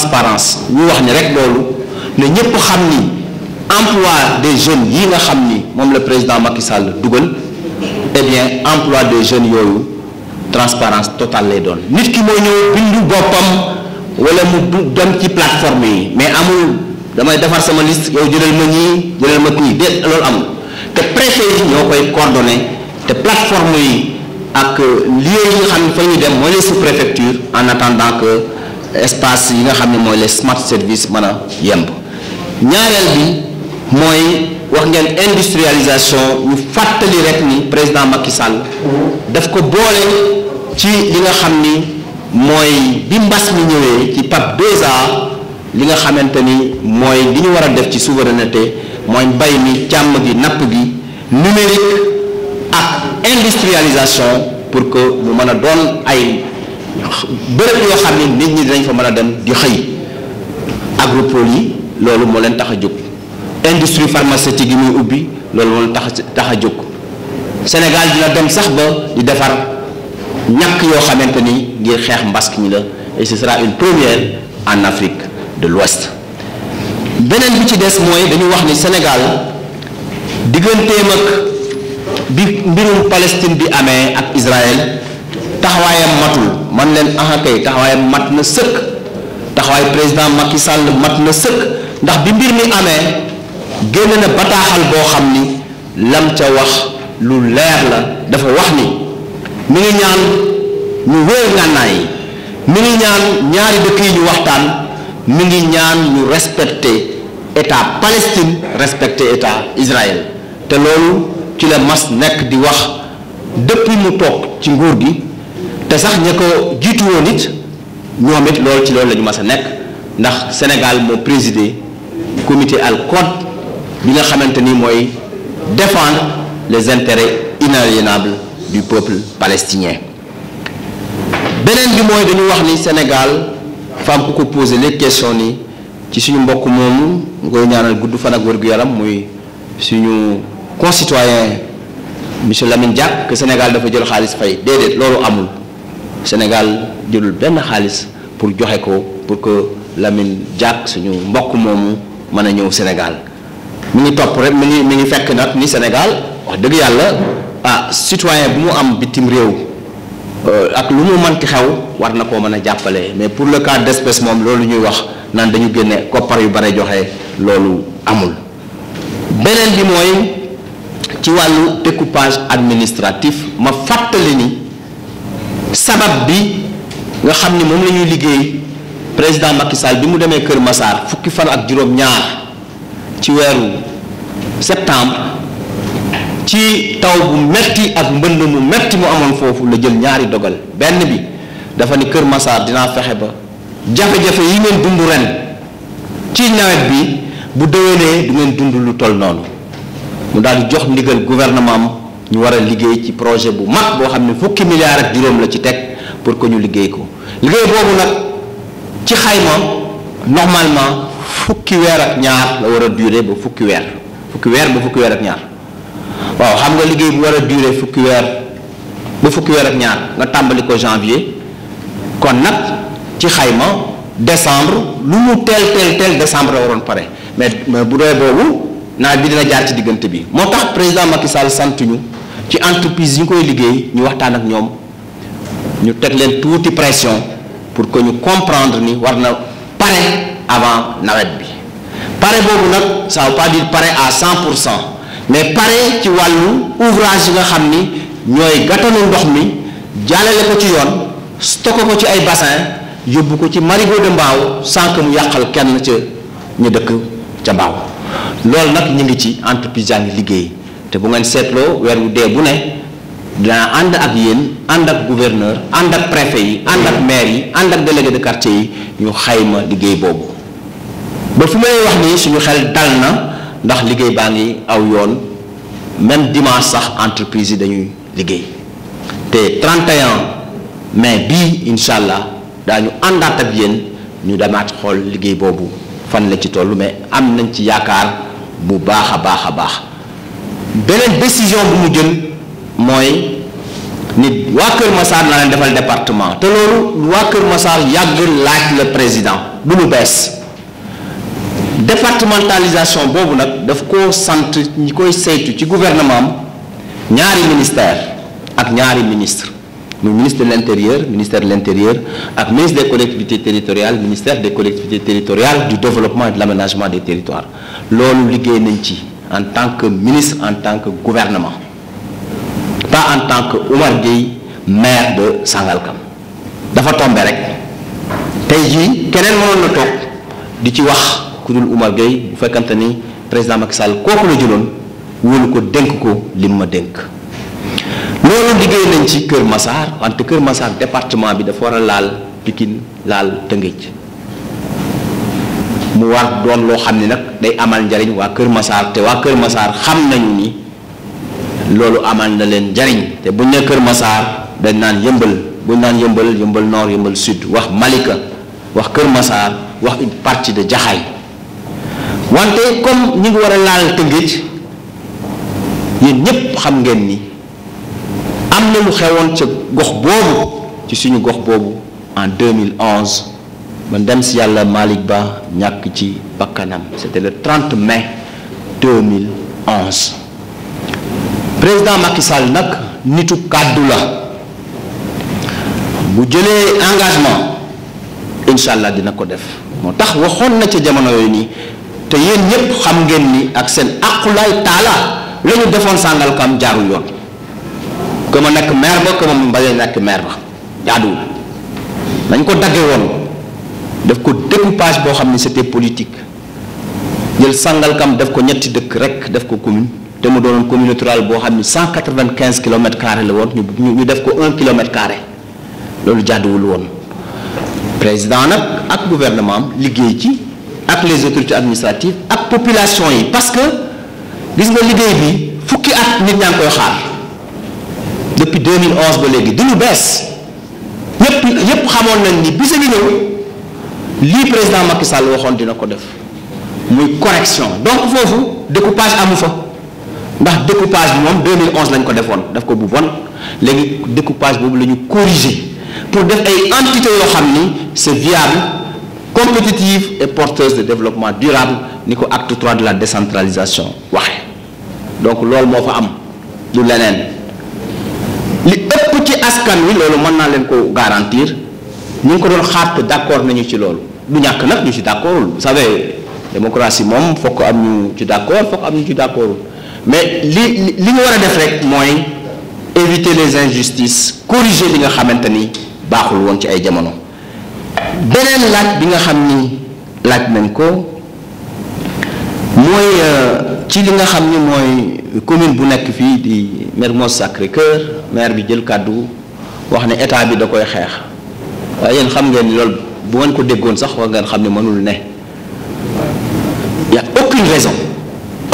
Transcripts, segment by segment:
transparence ñu wax ni rek loolu ne ñëpp xam ni emploi des jeunes yi nga xam ni moom la président Macky Sall dugal eh bien emploi des jeunes yooyu transparence totale lay doon nit ki moo ñëw bindu boppam wala mu dem ci plateforme yi mais amul damay defar sama liste yow jëlal ma ñii jëlal ma kii déet loolu amul te préfet yi ñoo koy coordonné te plateforme yi ak lieu yi nga xam ne fa ñuy dem mooy les sous en attendant que espace yi nga xam ne mooy les smart services mën a yemb ñaareel bi mooy wax ngeen industrialisation ñu fàttali rek ni président Macky Sall daf ko boole ci li nga xam ni mooy bi mbas mu ñëwee ci PAP 2A li nga xamante ni mooy li ñu war a def ci souveraineté mooy mbay mi càmm gi napp gi numérique ak industrialisation pour que mu mën a doon ay bërëb yoo xam ne nit ñi dañ fa mën a dem di xëy agropole yi loolu moo leen tax a jóg industrie pharmaceutique yi muy ubbi loolu moo leen tax tax a jóg Sénégal dina dem sax ba di defar ñàkk yoo xamante ni ngir xeex mbask ñi la et ce une première en Afrique de l'Ouest beneen bi ci des mooy dañu wax ni Sénégal digganteem ak bi mbirum Palestine bi amee ak Israël taxawaayam matul man leen aha kay taxawaayam mat na sëkk taxawaay président Macky Sall mat na sëkk ndax bi mbir mi amee génn na bataaxal boo xam ni lam ca wax lu leer la dafa wax ni mu ngi ñaan ñu wéer ngànnaay yi mi ngi ñaan ñaari dëkk yi ñu waxtaan mu ngi ñaan ñu respecter état Palestine respecter état Israël te loolu ci la mas nekk di wax depuis mu toog ci nguur gi te sax ña ko jiitu woon ñoom it loolu ci loolu lañu ma mas nekk ndax Sénégal moo présidé comité ALCOD bi nga xamante ni mooy défendre les intérêts inaliénables du peuple palestinien beneen bi mooy dañu wax ni Sénégal fa ku ko posé les questions ni ci suñu mbokk moomu mu koy ñaanal gudd fan ak wér-gu-yaram muy suñu concitoyen monsieur Lamine Diack que Sénégal dafa jël xaalis fay déedéet loolu amul Sénégal jëlul benn xaalis pour joxe ko pour que Lamine Diack suñu mbokk moomu mën a ñëw Sénégal mu ngi topp rek mi ngi mi ngi fekk nag ni Sénégal wax dëgg yàlla ah citoyen bu mu am bitim réew euh, ak lu mu manti xew war na koo mën a jàppale mais pour le cas d'espèce moom loolu ñuy wax naan dañu génne koppar yu bare joxe loolu amul beneen bi mooy ci wàllu découpage administratif ma fàttali ni sabab bi nga xam ni moom lañuy liggéey président Macky bi mu demee Kër Massar fukki fan ak juróom-ñaar ci weeru septembre ci taw bu metti ak mbënn mu metti mu amoon foofu la jël ñaari dogal benn bi dafa ne Kër Massar dinaa fexe ba jafe-jafe yi ngeen dund ren ci nawet bi bu déwénee du ngeen dund lu toll noonu mu daal di jox ndigal gouvernement am ñu war a liggéey ci projet bu mag boo xam ne fukki milliards ak juróom la ci teg pour que ñu liggéey ko liggéey boobu nag ci xayma normalement fukki weer ak ñaar la war a dure ba fukki weer fukki weer ba fukki weer ak ñaar waaw xam nga liggéey bu war a durer fukki weer ba fukki weer ak ñaar nga tàmbali ko janvier kon nag ci xayma decembre lu mu teel teel teel décembre la waroon pare mais bu dee boobu naa bi dina jaar ci diggante bi moo tax président Macky Sall sant ñu. ci entreprise yi ñu koy liggéey ñu waxtaan ak ñoom ñu teg leen tuuti pression pour que ñu comprendre ni war na pare avant nawet bi pare boobu nag ça veut pas dire pare à cent pour cent mais pare ci wàllu ouvrage yi nga xam ni ñooy gàttanu ndox mi jàllale ko ci yoon stocké ko ci ay bassin yóbbu ko ci marigot de mbaaw sans mu yàqal kenn ca ñu dëkk ca mbaaw loolu nag ñu ngi ci entreprise yaa ngi liggéey te bu ngeen seetloo weer wu dee bu ne dinaa ànd ak yéen ànd ak gouverneur ànd ak préfet yi ànd ak maire yi ànd ak délégué de quartier yi ñu xayma liggéey boobu ba fi may wax nii suñu xel dal na ndax liggéey baa ngi aw yoon même dimanche sax entreprise yi dañuy liggéey te trente 31 mais bii incha allah daañu àndaat ak yéen ñu demaat xool liggéey boobu fan la ci tollu mais am nañ ci yaakaar bu baax a baax a baax. beneen décision bu mu jël mooy nit waa Kër Massar na leen defal département te loolu waa Kër Massar yàgg laaj le président bu lu bees départementalisation boobu nag daf koo sant ñi koy saytu ci gouvernement am ñaari ministère ak ñaari ministre muy ministre de l'intérieur ministère de l'intérieur ak ministre des collectivités territoriales ministère des collectivités territoriales du développement et de l'aménagement des territoires loolu liggéey nañ ci en tant que ministre, en tant que gouvernement. Pas en tant que Oumar Gueye maire de Sangalkam dafa tombé rek tey jii keneen mënoon na toog di ci wax ku dul Oumar Gueye bu fekkante ni président Macky Sall kooku la jëloon wóolu ko dénk ko lim ma dénk. loolu liggéey nañ ci Kër Massar wante Kër Massar département bi dafa war a laal Pikine laal Tëngéej mu war doon loo xam ni nag day amal njariñ waa Kër Masaar te waa Kër Masaar xam nañu ni loolu amal na leen njariñ te bu ñu nee Kër Masaar dañ naan yëmbal bu ñu naan yëmbal yëmbal nord yëmbal sud wax Malika wax Kër Masaar wax une partie de Jaxaay wante comme ñi ngi war a laal Tëngéej yéen ñépp xam ngeen ni am na lu xewoon ca gox boobu ci suñu gox boobu en 2011 ma dem si yàlla Malick Ba ñàkk ci bakkanam c'était le 30 mai 2011 président Macky Sall nag nitu kàddu la bu jëlee engagement incha allah dina ko def moo tax waxoon na ca jamono yooyu nii te yéen ñépp xam ngeen ni ak seen aqulaay taala la ñu defoon sàngal kam jaarul yoon que ma nekk maire ba que ma mbalee nekk maire ba jaaduwul nañ ko dagge woon daf ko découpage boo xam ne c'était politique jël Sangalkam daf ko ñetti dëkk rek daf ko commune te mu doonoon communauté rurale boo xam ne cent quatre-vingt-quinze kilomètres carrés la woon ñu ñu def ko un kilomètre carré loolu jàdduwul woon président nag ak gouvernement am liggéey ci ak les autorités administratives ak population yi parce que gis nga liggéey bi fukki at nit ñaa ngi koy xaar depuis ba léegi du lu bees ñëpp ñëpp xamoon nañ ni bis a ngi ñëw lii président Macky Sall waxoon dina ko def muy correction donc foofu découpage amu fa ndax découpage bi moom 2011 lañ ko defoon daf ko bu bon léegi découpage boobu la ñu corriger pour def ay entité yoo xam ni c'est viable compétitive et porteuse de développement durable ni ko acte 3 de la décentralisation waxee donc loolu moo fa am du leneen li ëpp ci askan wi loolu mën naa leen ko garantir ñu ngi ko doon xaar te d'accord nañu ci loolu du ñàkk nag ñu ci d'accordul vous savez démocratie moom fokk am ñu ci d'accord fokk am ñu ci d'accordul mais li li ñu war a def rek mooy éviter les injustices corriger li nga xamante ni baaxul woon ci ay jamono beneen laaj bi nga xam ni laaj nañ ko mooy euh, ci li nga xam ni mooy commune bu nekk fii di Mermoz Sacré-Cœur maire bi jël kàddu wax ne état bi da koy xeex waaye yéen xam ngeen ni loolu bu ngeen ko déggoon sax war ngeen xam ne mënul ne y aucune raison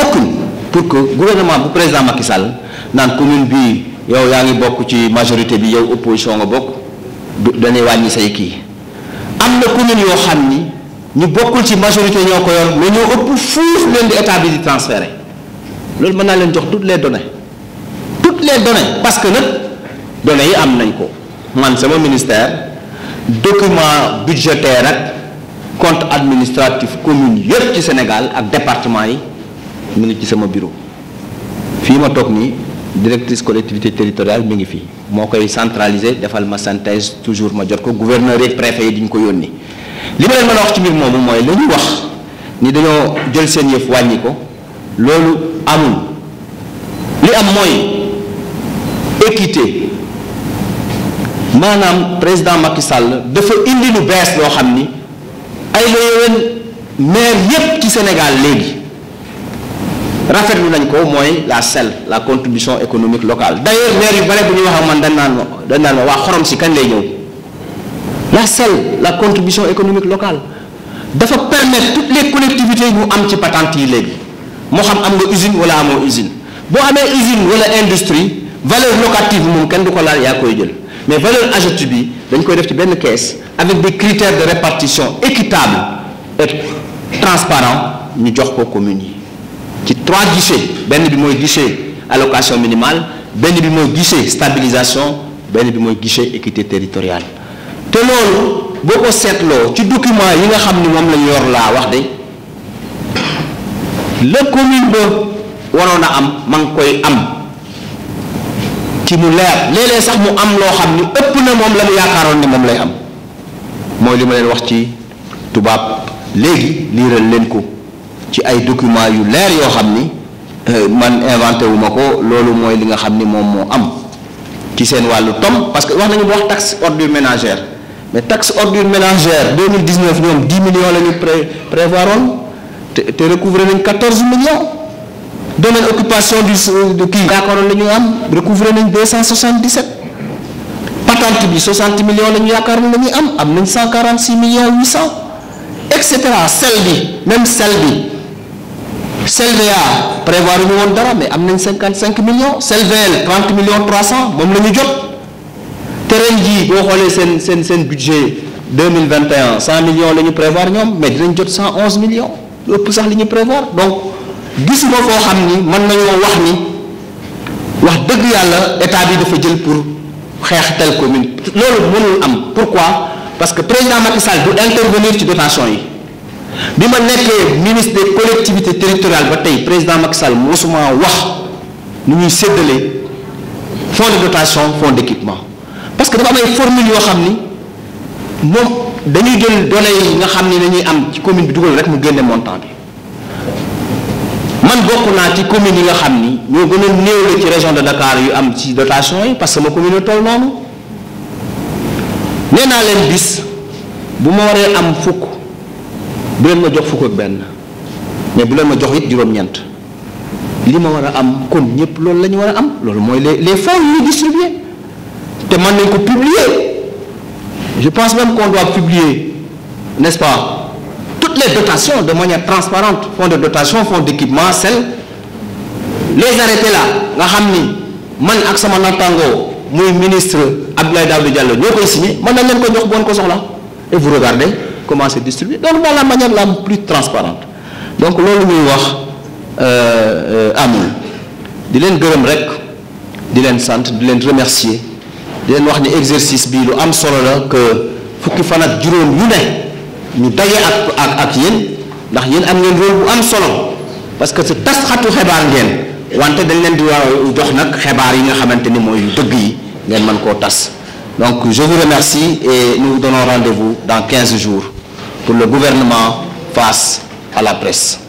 aucune pour que gouvernement bu président Macky Sall naan commune bi yow yaa ngi bokk ci majorité bi yow opposition nga bokk dañuy wàññi say kii am na commune yoo xam ni ñu bokkul ci majorité ñoo ko yor mais ñoo ëpp fuuf leen di état bi di transféré loolu mën naa leen jox toutes les données toutes les données parce que nag données yi am nañ ko man sama ministère document budgétaire ak compte administratif commune yëpp ci Sénégal ak département yi mu ngi ci sama bureau fii ma toog nii directrice collectivité territoriale mi ngi fii moo koy centraliser defal ma synthèse toujours ma jot ko gouverneur yeeg préfet yi di ñu ko yónni li ma leen mën a wax ci mbir moomu mooy la ñu wax ni dañoo jël seen yëf wàññi ko loolu amul li am mooy équité maanaam président Macky Sall dafa indi lu bees loo xam ni ay la yowén maire yépp ci Sénégal léegi rafetlu nañ ko mooy la SEL la contribution économique local d'ailleurs maire yu bare bu ñuy wax ak man dañ naan dañ naan ma waa xorom si kañ lay ñëw la SEL la contribution économique locale dafa permettre toutes les collectivités ñu am ci patante yi léegi moo xam am nga usine wala amoo usine boo amee usine wala industrie valeur locative moom kenn du ko laal yaa koy jël mais valeur ajoutée bi dañ koy def ci benn caisse avec des critère de répartition équitable et transparent ñu jox ko communes yi ci trois guichets benn bi mooy guichet allocation minimale benn bi mooy guichet stabilisation benn bi mooy guichet équité territoriale te loolu boo ko seetloo ci document yi nga xam ni moom lañu yor laa wax de la commune ba waroon a am ma ngi koy am ci mu leer léeg-léeg sax mu am loo xam ni ëpp na moom la mu yaakaaroon ni moom lay am mooy li ma leen wax ci tubaab léegi liiral leen ko ci ay documents yu leer yoo xam ni euh, man inventé wu ma ko loolu mooy li nga xam ni moom moo am ci seen wàllu tom parce que wax nañu bu wax taxe ordure ménagère mais taxe ordure ménagère 2019 ñoom 10 millions la ñu pré prévoir te te recouvré nañ 14 millions. domaine occupation du kii. yaakaaroon la ñu am recouvrer nañ deux cent soixante dix sept patente bi soixante millions la ñu yaakaaroon la ñuy am am nañ cent quarante six millions huit cent et cetera sel bi même sel bi sel prévoir ñu woon dara mais am nañ cinquante cinq millions sel VL trente millions trois cent moom la ñu jot te ren jii xoolee seen seen seen budget deux mille vingt et un cent la ñu prévoir ñoom mais dinañ jot cent onze millions ëpp sax li ñu prévoir donc. gisuma foo xam ni mën nañoo wax ni wax dëgg yàlla état bi dafa jël pour xeex tel commune loolu mënul am pourquoi parce que président Macky Sall du intervenir ci dotation yi bi ma nekkee ministre collectivité collectivités ba tey président Macky Sall mosuma wax nu ñuy séddale fonds de dotation fonds d'équipement parce que dafa am ay formule yoo xam ni moom dañuy jël données yi nga xam ni dañuy am ci commune bi dugal rek mu génne montant bi man bokk naa ci commune yi nga xam ni ñoo gën a néew la ci région de Dakar yu am ci dotation yi parce que ma commune noonu nee naa leen bis bu ma waree am fukk bu leen ma jox fukk ak benn mais bu leen ma jox it juróom-ñeent li ma war a am kon ñëpp loolu la ñu war a am loolu mooy les les fonds yu ñu distribué te mën nañ ko publier je pense même qu'on doit publier n'est-ce les dotations de manière transparente fonds de dotation fonds d'équipement sel les arrêtés la nga xam ni man ak sama nattangoo muy ministre Abdoulaye Daouda Diallo ñoo koy signé mën na leen ko jox boon ko soxla et vous regardez comment c'est distribué donc dans la manière la plus transparente donc loolu muy wax euh, euh, amul di leen gërëm rek di leen sant di leen remercier di leen wax ni exercice bii lu am solo la que fukki fan ak juróom yu ne ñu daje ak ak ak yéen ndax yéen am ngeen rôle bu am solo parce que si tasxatu xibaar ngeen wante dañ leen di waaw jox nag xibaar yi nga xamante ni mooy dëgg yi ngeen mën koo tas donc je vous remercie et nous vous donnons rendez-vous dans 15 jours pour le gouvernement face à la presse.